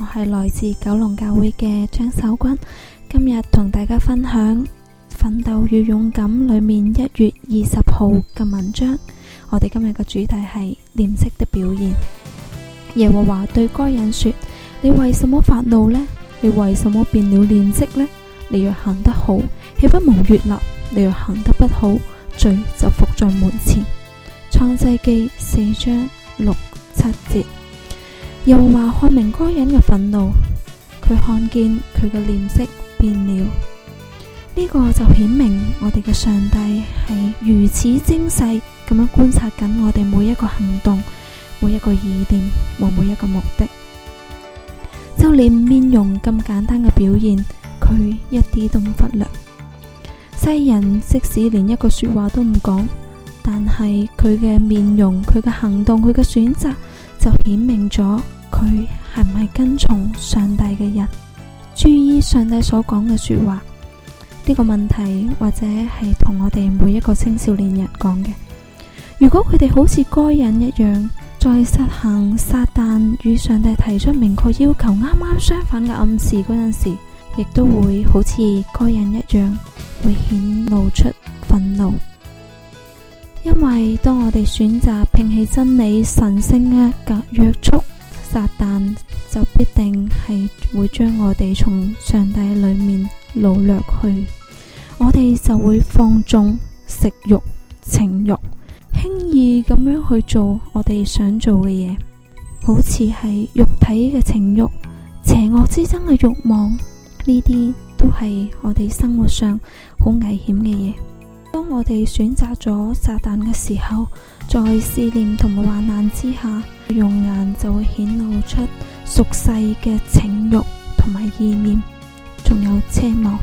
.我係來自九龍教會嘅張守軍，今日同大家分享《奮鬥與勇敢》裏面一月二十號嘅文章。我哋今日嘅主題係臉色的表現。耶和華對該人說：你為什麼發怒呢？你為什麼變了臉色呢？你若行得好，豈不蒙悅納？你若行得不好，罪就伏在門前。創世記四章六七節。又話看明嗰人嘅憤怒，佢看見佢嘅臉色變了，呢個就顯明我哋嘅上帝係如此精細咁樣觀察緊我哋每一個行動、每一個意念和每一個目的。就連面容咁簡單嘅表現，佢一啲都唔忽略。世人即使連一個說話都唔講，但係佢嘅面容、佢嘅行動、佢嘅選擇。就顯明咗佢係唔係跟從上帝嘅人。注意上帝所講嘅說話呢個問題，或者係同我哋每一個青少年人講嘅。如果佢哋好似該人一樣，在實行撒旦與上帝提出明確要求啱啱相反嘅暗示嗰陣時，亦都會好似該人一樣，會顯露出憤怒。因為當我哋選擇摒棄真理、神聖嘅格約束，撒旦就必定係會將我哋從上帝裏面擄掠去，我哋就會放縱食慾、情慾，輕易咁樣去做我哋想做嘅嘢，好似係肉體嘅情慾、邪惡之爭嘅慾望，呢啲都係我哋生活上好危險嘅嘢。我哋選擇咗撒旦嘅時候，在試煉同埋患難之下，容顏就會顯露出俗世嘅情欲同埋意念，仲有奢望，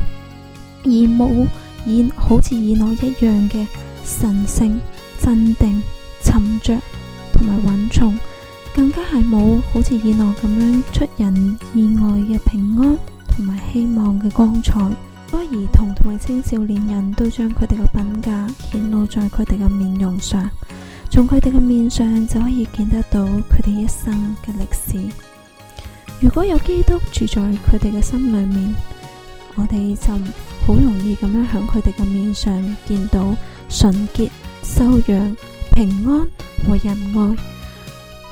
而冇以好似以諾一樣嘅神性鎮定、沉着同埋穩重，更加係冇好似以諾咁樣出人意外嘅平安同埋希望嘅光彩。多兒童同埋青少年人都將佢哋嘅品格顯露在佢哋嘅面容上，從佢哋嘅面上就可以見得到佢哋一生嘅歷史。如果有基督住在佢哋嘅心裏面，我哋就好容易咁樣響佢哋嘅面上見到純潔、修養、平安和仁愛；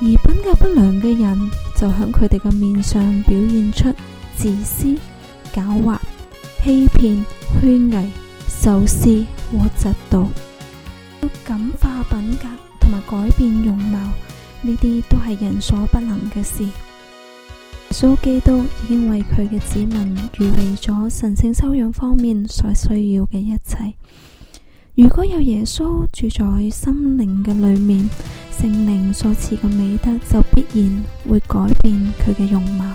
而品格不良嘅人就響佢哋嘅面上表現出自私、狡猾、欺騙、虛偽、仇視和嫉妒，要感化品格同埋改變容貌，呢啲都係人所不能嘅事。耶穌基督已經為佢嘅子民預備咗神聖修養方面所需要嘅一切。如果有耶穌住在心靈嘅裏面，聖靈所賜嘅美德就必然會改變佢嘅容貌。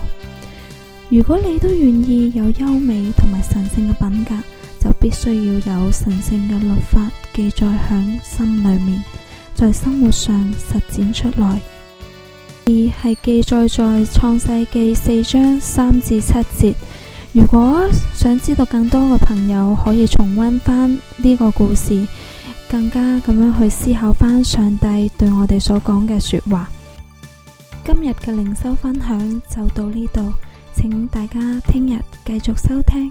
如果你都願意有優美同埋神聖嘅品格，就必須要有神聖嘅律法記載響心裏面，在生活上實踐出來。二係記載在創世記四章三至七節。如果想知道更多嘅朋友，可以重溫翻呢個故事，更加咁樣去思考翻上帝對我哋所講嘅說話。今日嘅靈修分享就到呢度。請大家聽日繼續收聽。